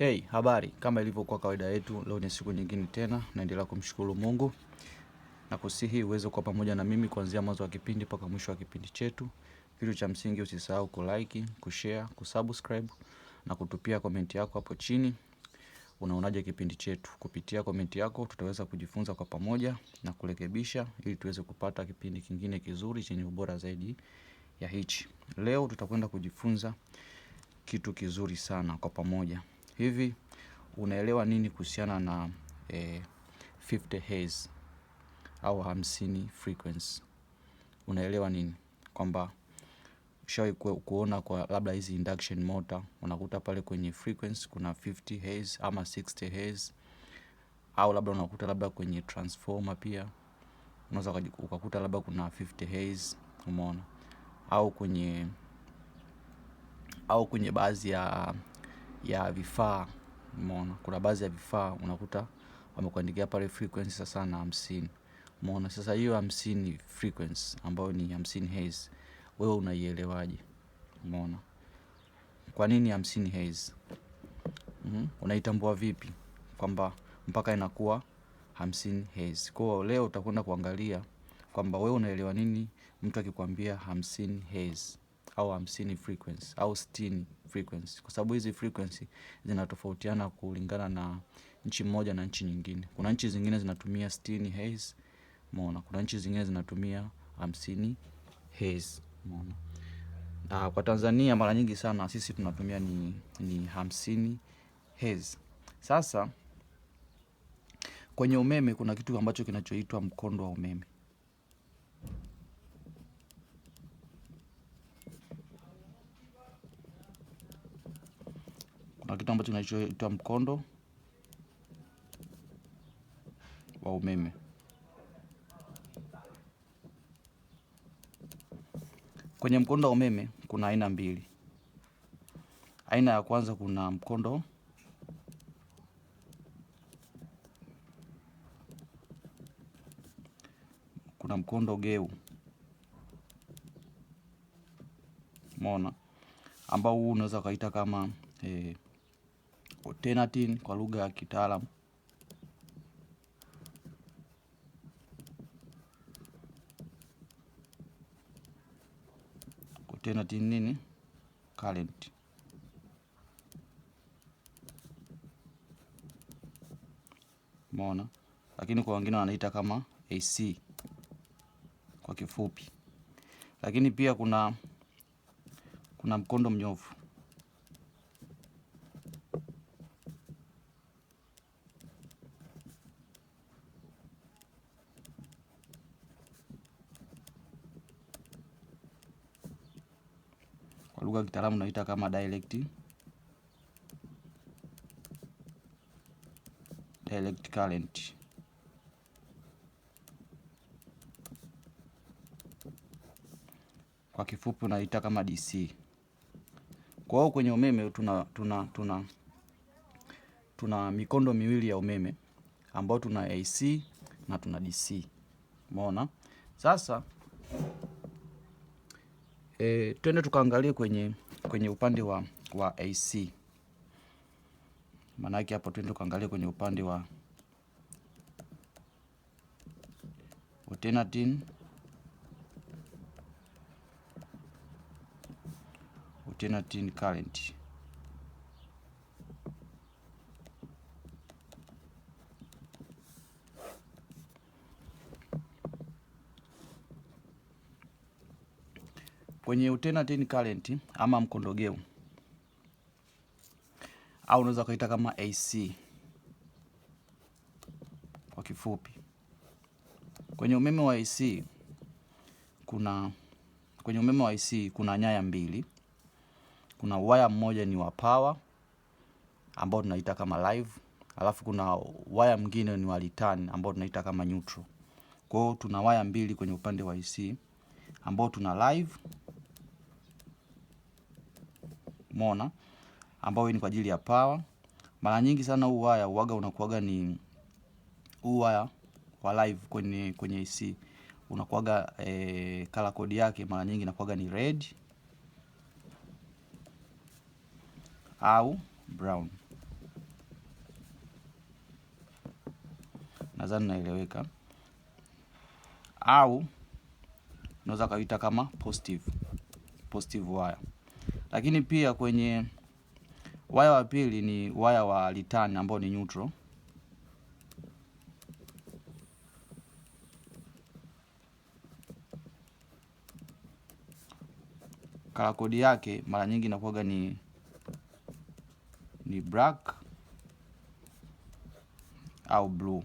Hey, habari. Kama ilivyokuwa kawaida yetu, leo ni siku nyingine tena, naendelea kumshukuru Mungu na kusihi uweze kuwa pamoja na mimi kuanzia mwanzo wa kipindi mpaka mwisho wa kipindi chetu. Kitu cha msingi usisahau share, ku subscribe na kutupia komenti yako hapo chini. Unaonaje kipindi chetu? Kupitia komenti yako tutaweza kujifunza kwa pamoja na kurekebisha ili tuweze kupata kipindi kingine kizuri chenye ubora zaidi ya hichi. Leo tutakwenda kujifunza kitu kizuri sana kwa pamoja hivi unaelewa nini kuhusiana na e, 50 Hz au hamsini frequency unaelewa nini? Kwamba ushawahi kuona kwa labda hizi induction motor unakuta pale kwenye frequency kuna 50 Hz ama 60 Hz, au labda unakuta labda kwenye transformer pia unaweza ukakuta labda kuna 50 Hz, umeona, au kwenye au kwenye baadhi ya ya vifaa umeona, kuna baadhi ya vifaa unakuta wamekuandikia pale frequency sasa na hamsini umeona. Sasa hiyo hamsini frequency ambayo ni hamsini hertz wewe unaielewaje? Umeona, kwa nini hamsini hertz? Mm, unaitambua vipi kwamba mpaka inakuwa hamsini hertz? Kwa leo utakwenda kuangalia kwamba wewe unaelewa nini mtu akikwambia hamsini hertz au hamsini frequency au sitini frequency, kwa sababu hizi frequency zinatofautiana kulingana na nchi moja na nchi nyingine. Kuna nchi zingine zinatumia sitini hertz umeona, kuna nchi zingine zinatumia hamsini hertz umeona. Na kwa Tanzania mara nyingi sana sisi tunatumia ni, ni hamsini hertz. Sasa kwenye umeme kuna kitu ambacho kinachoitwa mkondo wa umeme. kitu ambacho kinachoitwa mkondo wa umeme. Kwenye mkondo wa umeme kuna aina mbili. Aina ya kwanza kuna mkondo kuna mkondo geu, mona ambao huu unaweza ukaita kama eh, Otenatin kwa lugha ya kitaalamu. Alternative nini? Current. Mona. Lakini kwa wengine wanaita kama AC kwa kifupi. Lakini pia kuna kuna mkondo mnyofu. lugha ya kitaalamu naita kama dialect, direct current. Kwa kifupi unaita kama DC. Kwa hiyo kwenye umeme tuna, tuna, tuna, tuna mikondo miwili ya umeme ambayo tuna AC na tuna DC. Umeona? Sasa E, twende tukaangalie kwenye, kwenye upande wa, wa AC. Maanake hapo twende tukaangalie kwenye upande wa Utenatin utenatin current kwenye alternating current ama mkondogeu au unaweza ukaita kama AC kwa kifupi. Kwenye umeme wa AC kuna kwenye umeme wa AC kuna nyaya mbili, kuna waya mmoja ni wa power ambao tunaita kama live, alafu kuna waya mwingine ni wa return ambao tunaita kama neutral. Kwa hiyo tuna waya mbili kwenye upande wa AC ambao tuna live umeona, ambao ni kwa ajili ya power. Mara nyingi sana huu waya uwaga unakuwaga ni huu waya wa live kwenye kwenye IC unakuwaga e, color code yake mara nyingi inakuwaga ni red au brown. Nadhani naeleweka, au unaweza ukaita kama positive positive wire. Lakini pia kwenye waya wa pili ni waya wa return ambao ni neutral. Kala kodi yake mara nyingi inakuwaga ni ni black au blue.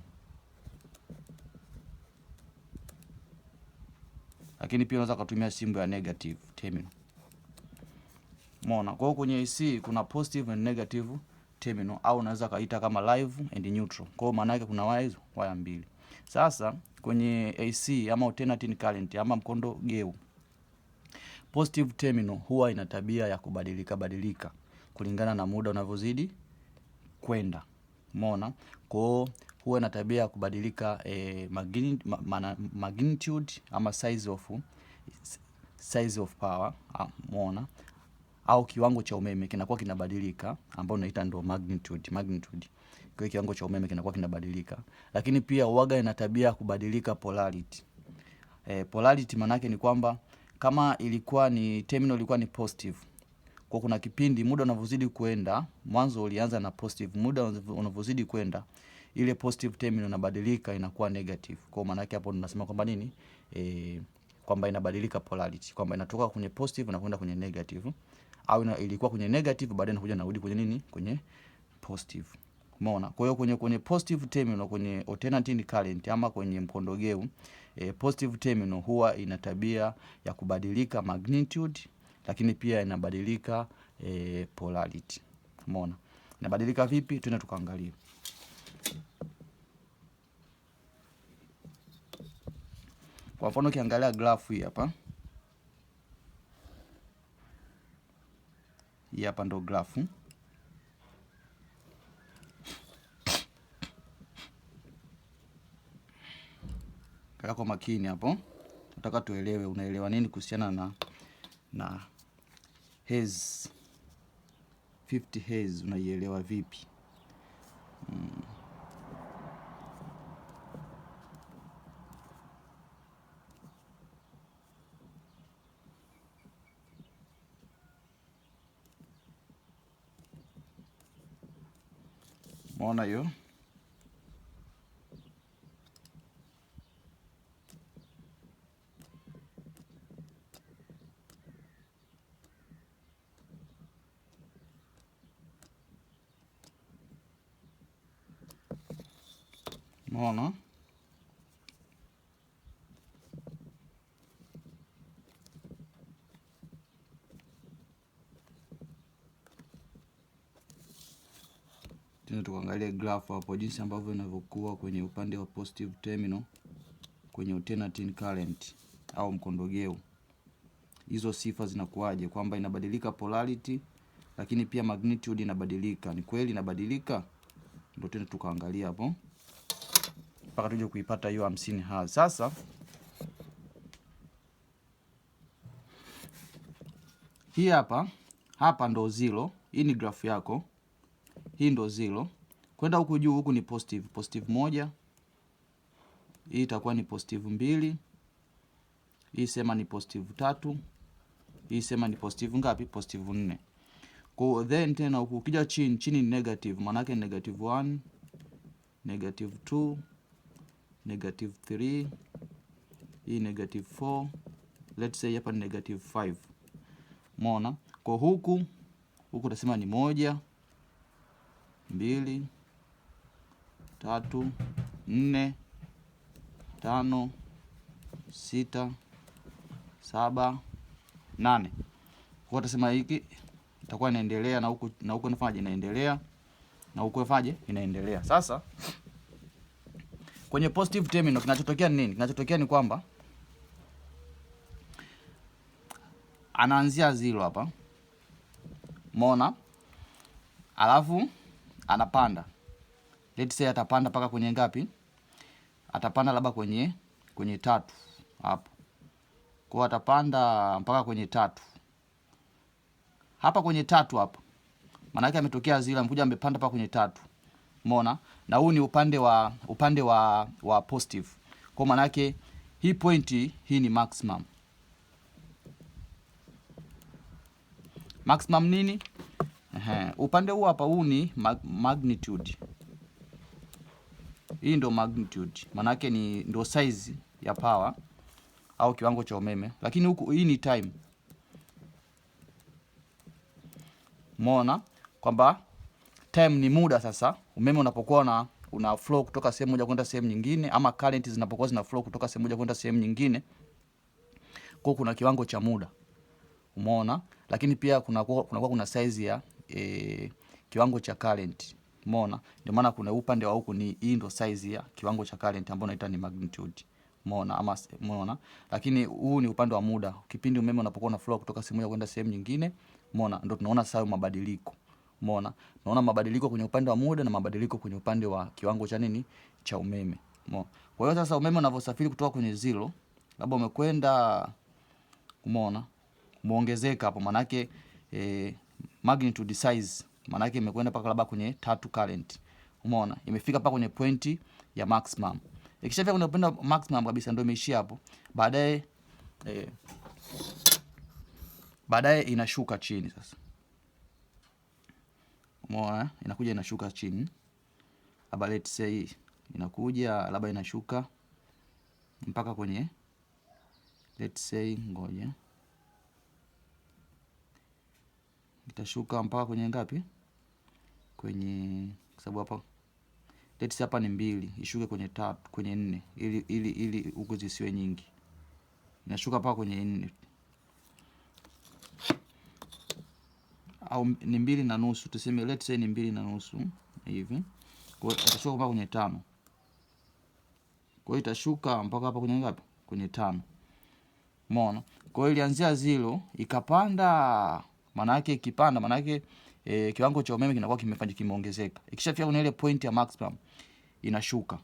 Lakini pia unaweza kutumia simbo ya negative terminal. Umeona? Kwa hiyo kwenye AC kuna positive and negative terminal au unaweza kaita kama live and neutral. Kwa hiyo maana yake kuna waya waya mbili. Sasa kwenye AC ama alternating current ama mkondo geu, positive terminal huwa ina tabia ya kubadilika badilika kulingana na muda unavyozidi kwenda. Umeona? Kwa hiyo huwa ina tabia ya kubadilika eh, magnitude ama size of size of power. Ah, umeona? au kiwango cha umeme kinakuwa kinabadilika, ambao unaita ndo magnitude. Magnitude kwa kiwango cha umeme kinakuwa kinabadilika, lakini pia uwaga ina tabia kubadilika polarity. E, polarity maanake ni kwamba kama ilikuwa ni terminal ilikuwa ni positive kwa kuna kipindi muda unavyozidi kwenda, mwanzo ulianza na positive, muda unavyozidi kwenda ile positive terminal inabadilika inakuwa negative. Kwa maana yake hapo tunasema kwamba nini e, kwamba inabadilika polarity, kwamba inatoka kwenye positive na kwenda kwenye negative au ilikuwa kwenye negative, baadaye inakuja narudi kwenye nini, kwenye positive. Umeona? Kwa hiyo kwenye kwenye positive terminal, kwenye alternating current ama kwenye mkondogeu e, eh, positive terminal huwa ina tabia ya kubadilika magnitude, lakini pia inabadilika e, polarity. Umeona? Inabadilika vipi? tuna tukaangalia. Kwa mfano ukiangalia grafu hii hapa hapa ndo grafu. Kaa kwa makini hapo, nataka tuelewe unaelewa nini kuhusiana na na hezi 50 hezi, unaielewa vipi? mm. Mona you. tukaangalia graph hapo jinsi ambavyo inavyokuwa kwenye upande wa positive terminal kwenye alternating current au mkondogeo. Hizo sifa zinakuwaje? Kwamba inabadilika polarity, lakini pia magnitude inabadilika. Ni kweli inabadilika? Ndio tena tukaangalia hapo mpaka tuje kuipata hiyo 50 hertz. Sasa hii hapa hapa ndo zero. Hii ni graph yako hii ndo zero. Kwenda huku juu huku ni positive, positive moja, hii itakuwa ni positive mbili, hii sema ni positive tatu, hii sema ni positive ngapi? Positive nne. Kwa then tena huku ukija chini chini ni negative, maana yake negative 1, negative 2, negative 3, hii negative 4, let's say hapa ni negative 5. Umeona? Kwa huku huku utasema ni moja mbili, tatu, nne, tano, sita, saba, nane. Kwa utasema hiki itakuwa inaendelea na huku na huku inafanyaje? Inaendelea na huku inafanyaje? Inaendelea. Sasa kwenye positive terminal kinachotokea ni nini? Kinachotokea ni kwamba anaanzia zero hapa, mona alafu anapanda let's say atapanda mpaka kwenye ngapi? Atapanda labda kwenye kwenye tatu hapo, kwa atapanda mpaka kwenye tatu hapa, kwenye tatu hapa, maana yake ametokea zile, amekuja amepanda paka kwenye tatu, umeona? Na huu ni upande wa upande wa wa positive, kwa maana yake hii pointi hii ni maximum. Maximum nini? Ehe, upande huu hapa huu ni mag magnitude. Hii ndo magnitude, manake ni ndo size ya power au kiwango cha umeme, lakini huku hii ni time. Mona kwamba time ni muda. Sasa umeme unapokuwa na una flow kutoka sehemu moja kwenda sehemu nyingine, ama current zinapokuwa zina flow kutoka sehemu moja kwenda sehemu nyingine, kwa kuna kiwango cha muda, umeona. Lakini pia kuna kuna kuna size ya e, kiwango cha current mona, Ndio maana kuna upande wa huku ni hii ndo size ya kiwango cha current ambayo naita ni magnitude. mona ama mona, Lakini huu ni upande wa muda. Kipindi umeme unapokuwa na flow kutoka sehemu moja kwenda sehemu nyingine, mona, Ndio tunaona sasa mabadiliko. mona, Tunaona mabadiliko kwenye upande wa muda na mabadiliko kwenye upande wa kiwango cha nini? Cha umeme. mona. Kwa hiyo sasa umeme unavyosafiri kutoka kwenye zero, labda umekwenda umeona? Umeongezeka hapo maana yake eh magnitude size, maana yake imekwenda paka labda kwenye tatu current, umeona imefika paka kwenye pointi ya maximum. Ikishafika kwenye point ya maximum kabisa, ndio imeishia hapo. Baadaye eh, baadaye inashuka chini sasa, umeona eh? inakuja inashuka chini, labda let's say inakuja labda inashuka mpaka kwenye let's say, ngoja itashuka mpaka kwenye ngapi? Kwenye sababu hapa let's hapa ni mbili, ishuke kwenye tatu, kwenye nne, ili ili ili huko zisiwe nyingi, inashuka mpaka kwenye nne au ni mbili na nusu, tuseme let's say ni mbili na nusu hivi. Kwa hiyo itashuka mpaka kwenye tano. Kwa hiyo itashuka mpaka hapa kwenye ngapi? Kwenye tano. Umeona? Kwa hiyo ilianzia zero ikapanda Manake ikipanda manake e, kiwango cha umeme kinakuwa kimefanya kimeongezeka. Ikishafika kwenye ile point ya maximum inashuka.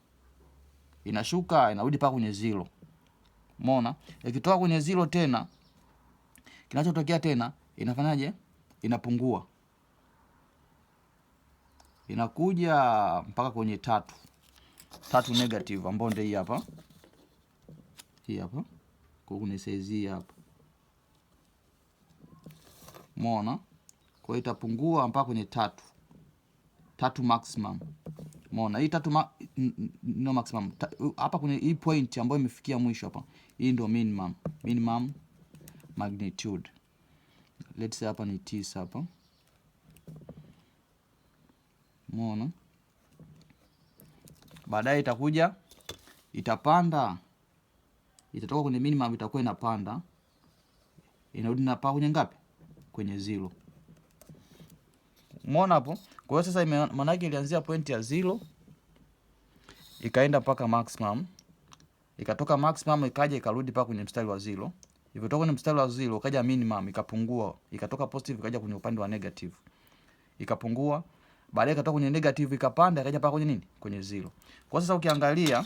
Inashuka inarudi paka kwenye zero. Umeona? Ikitoka kwenye zero tena kinachotokea tena inafanyaje? Inapungua. Inakuja mpaka kwenye tatu. Tatu negative ambayo ndio hii hapa. Hii hapa. Kwa kuna size hii hapa. Umeona? Kwa hiyo itapungua mpaka kwenye tatu, tatu maximum. Umeona hii tatu ma no maximum hapa kwenye hii point ambayo imefikia mwisho hapa, hii ndio minimum, minimum magnitude. Let's say hapa ni tisa hapa, umeona. Baadaye itakuja itapanda, itatoka kwenye minimum, itakuwa inapanda inarudi na pa kwenye ngapi kwenye zero. Umeona hapo? Kwa hiyo sasa maana yake ilianzia point ya zero ikaenda mpaka maximum, ikatoka maximum ikaja ikarudi mpaka kwenye mstari wa zero. Ilipotoka kwenye mstari wa zero ikaja minimum, ikapungua, ikatoka positive ikaja kwenye upande wa negative, ikapungua baadaye ikatoka kwenye negative ikapanda ikaja mpaka kwenye nini? Kwenye zero. Kwa sasa ukiangalia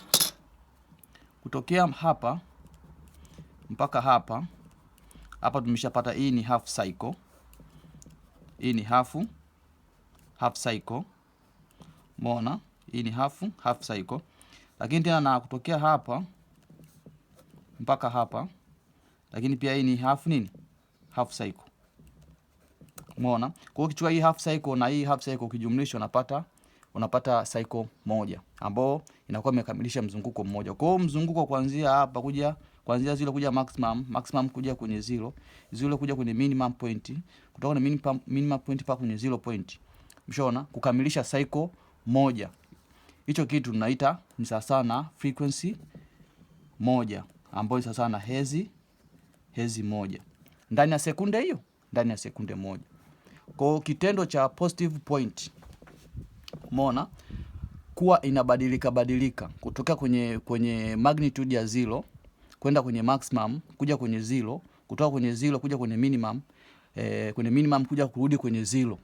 kutokea hapa mpaka hapa hapa tumeshapata hii ni half cycle, hii ni half half cycle, umeona hii ni half half cycle. Lakini tena na kutokea hapa mpaka hapa, lakini pia hii ni half nini, half cycle, umeona. Kwa hiyo ukichukua hii half cycle na hii half cycle ukijumlisha, unapata unapata cycle moja ambayo inakuwa imekamilisha mzunguko mmoja. Kwa hiyo mzunguko kuanzia hapa kuja kuanzia zero kuja maximum, maximum kuja kwenye zero, zero kuja kwenye minimum point, kutoka kwenye minimum, minimum point pa kwenye zero point. Mshaona kukamilisha cycle moja, hicho kitu tunaita ni sawasawa na frequency moja ambayo ni sawasawa na hezi hezi moja ndani ya sekunde hiyo, ndani ya sekunde moja. Kwa kitendo cha positive point, umeona kuwa inabadilika badilika kutoka kwenye, kwenye magnitude ya zero kwenda kwenye maximum kuja kwenye zero, kutoka kwenye zero kuja kwenye minimum e, kwenye minimum kuja kurudi kwenye zero,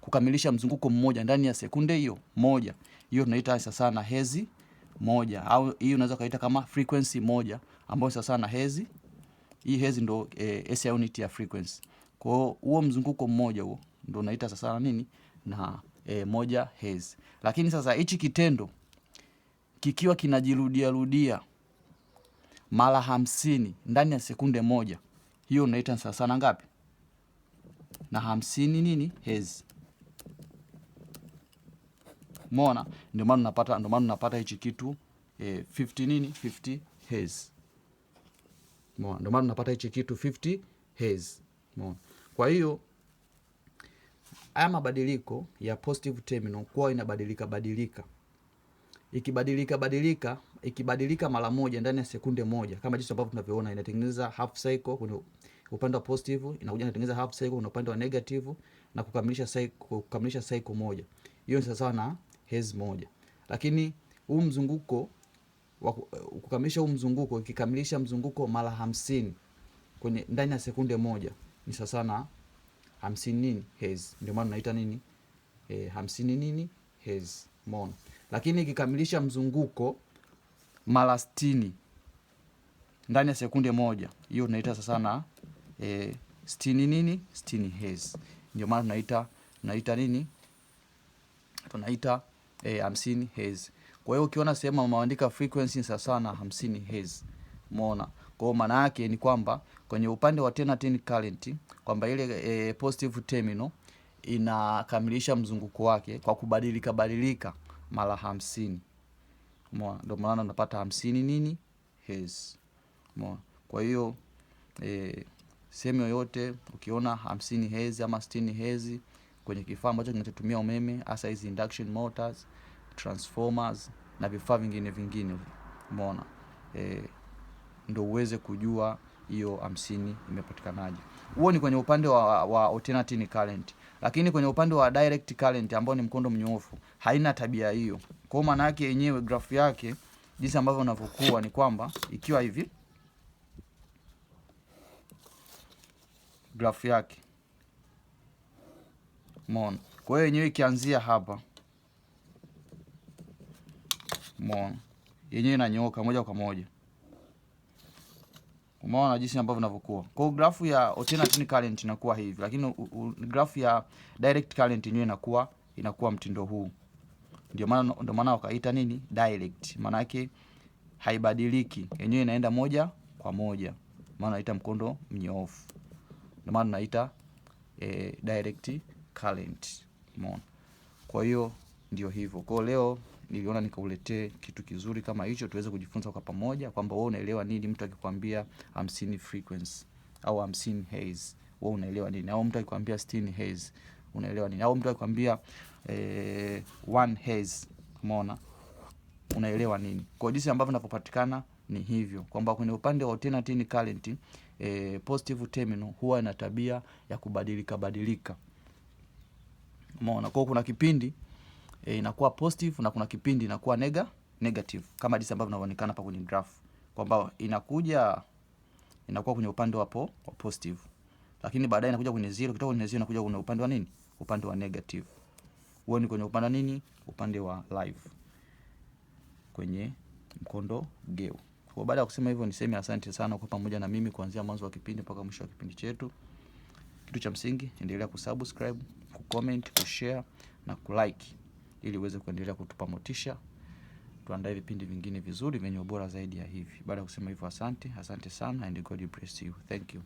kukamilisha mzunguko mmoja ndani ya sekunde hiyo moja. Hiyo tunaita sasa na hezi moja, au hii unaweza kaita kama frequency moja, ambayo sasa na hezi hii hezi ndo e, eh, SI unit ya frequency. Kwa hiyo huo mzunguko mmoja huo ndo unaita sasa na nini na e, moja hezi. Lakini sasa hichi kitendo kikiwa kinajirudia rudia mara hamsini ndani ya sekunde moja, hiyo unaita ni sawasawa na ngapi? Na hamsini nini hezi. Mona, ndio maana unapata, ndio maana unapata hichi kitu e, eh, 50 nini 50 hezi. Mona, ndio maana unapata hichi kitu 50 hezi. Mona, kwa hiyo haya mabadiliko ya positive terminal kwa inabadilika badilika, badilika ikibadilika badilika ikibadilika mara moja ndani ya sekunde moja, kama jinsi ambavyo tunavyoona inatengeneza half cycle kwenye upande wa positive, inakuja inatengeneza half cycle kwenye upande wa negative na kukamilisha cycle, kukamilisha cycle moja. Hiyo ni sawa na hertz moja, lakini huu mzunguko kukamilisha huu mzunguko ikikamilisha mzunguko mara hamsini kwenye ndani ya sekunde moja ni sawa na hamsini nini hertz Ndio maana tunaita nini e, hamsini nini hertz mona lakini ikikamilisha mzunguko mara sitini ndani ya sekunde moja, hiyo tunaita sasa na e, sitini nini, sitini hertz. Ndio maana tunaita tunaita nini, tunaita e, hamsini e, hertz. Kwa hiyo ukiona sehemu ameandika frequency sasa na hamsini hertz, umeona. Kwa hiyo maana yake ni kwamba kwenye upande wa alternating current kwamba ile e, positive terminal inakamilisha mzunguko wake kwa kubadilika badilika mara hamsini. ma ndo maana unapata hamsini nini Hz. ma Kwa hiyo e, sehemu yoyote ukiona hamsini hezi ama stini hezi kwenye kifaa ambacho kinachotumia umeme hasa hizi induction motors, transformers na vifaa vingine vingine, umeona e, ndo uweze kujua hiyo hamsini imepatikanaje. Huo ni kwenye upande wa, wa alternating current. Lakini kwenye upande wa direct current ambao ni mkondo mnyoofu haina tabia hiyo. Kwa maana yake yenyewe grafu yake jinsi ambavyo unavyokuwa ni kwamba ikiwa hivi grafu yake Mon. Kwa hiyo yenyewe ikianzia hapa Mon. Yenyewe inanyooka moja kwa moja. Umeona jinsi ambavyo vinavyokuwa. Kwa hiyo grafu ya alternate current inakuwa hivi, lakini grafu ya direct current yenyewe inakuwa inakuwa mtindo huu. Ndio maana ndio maana wakaita nini? Direct. Maana yake haibadiliki. Yenyewe inaenda moja kwa moja. Maana naita mkondo mnyoofu. Ndio maana naita e, eh, direct current. Umeona? Kwa hiyo ndio hivyo. Kwa leo niliona nikauletee kitu kizuri kama hicho, tuweze kujifunza kwa pamoja kwamba wewe unaelewa nini mtu akikwambia 50 frequency au 50 hertz, wewe unaelewa nini? Au mtu akikwambia 60 hertz unaelewa nini? Au mtu akikwambia eh, one hertz, umeona unaelewa nini? Kwa jinsi ambavyo inapopatikana ni hivyo kwamba kwenye upande wa alternating current e, positive terminal huwa ina tabia ya kubadilika badilika, umeona. Kwa kuna kipindi e, inakuwa positive na kuna kipindi inakuwa nega, negative kama jinsi ambavyo inaonekana hapa kwenye graph kwamba inakuja inakuwa kwenye upande wapo wa positive lakini baadaye inakuja kwenye zero, Kitoka kwenye zero inakuja kwenye upande wa nini? Upande wa negative. Huo ni kwenye upande wa nini? Upande wa live kwenye mkondo geu. Kwa baada ya kusema hivyo, niseme asante sana kwa pamoja na mimi kuanzia mwanzo wa kipindi mpaka mwisho wa kipindi chetu. Kitu cha msingi, endelea kusubscribe, kucomment, kushare na kulike ili uweze kuendelea kutupa motisha, tuandae vipindi vingine vizuri vyenye ubora zaidi ya hivi. Baada ya kusema hivyo, asante, asante sana and God bless you. Thank you.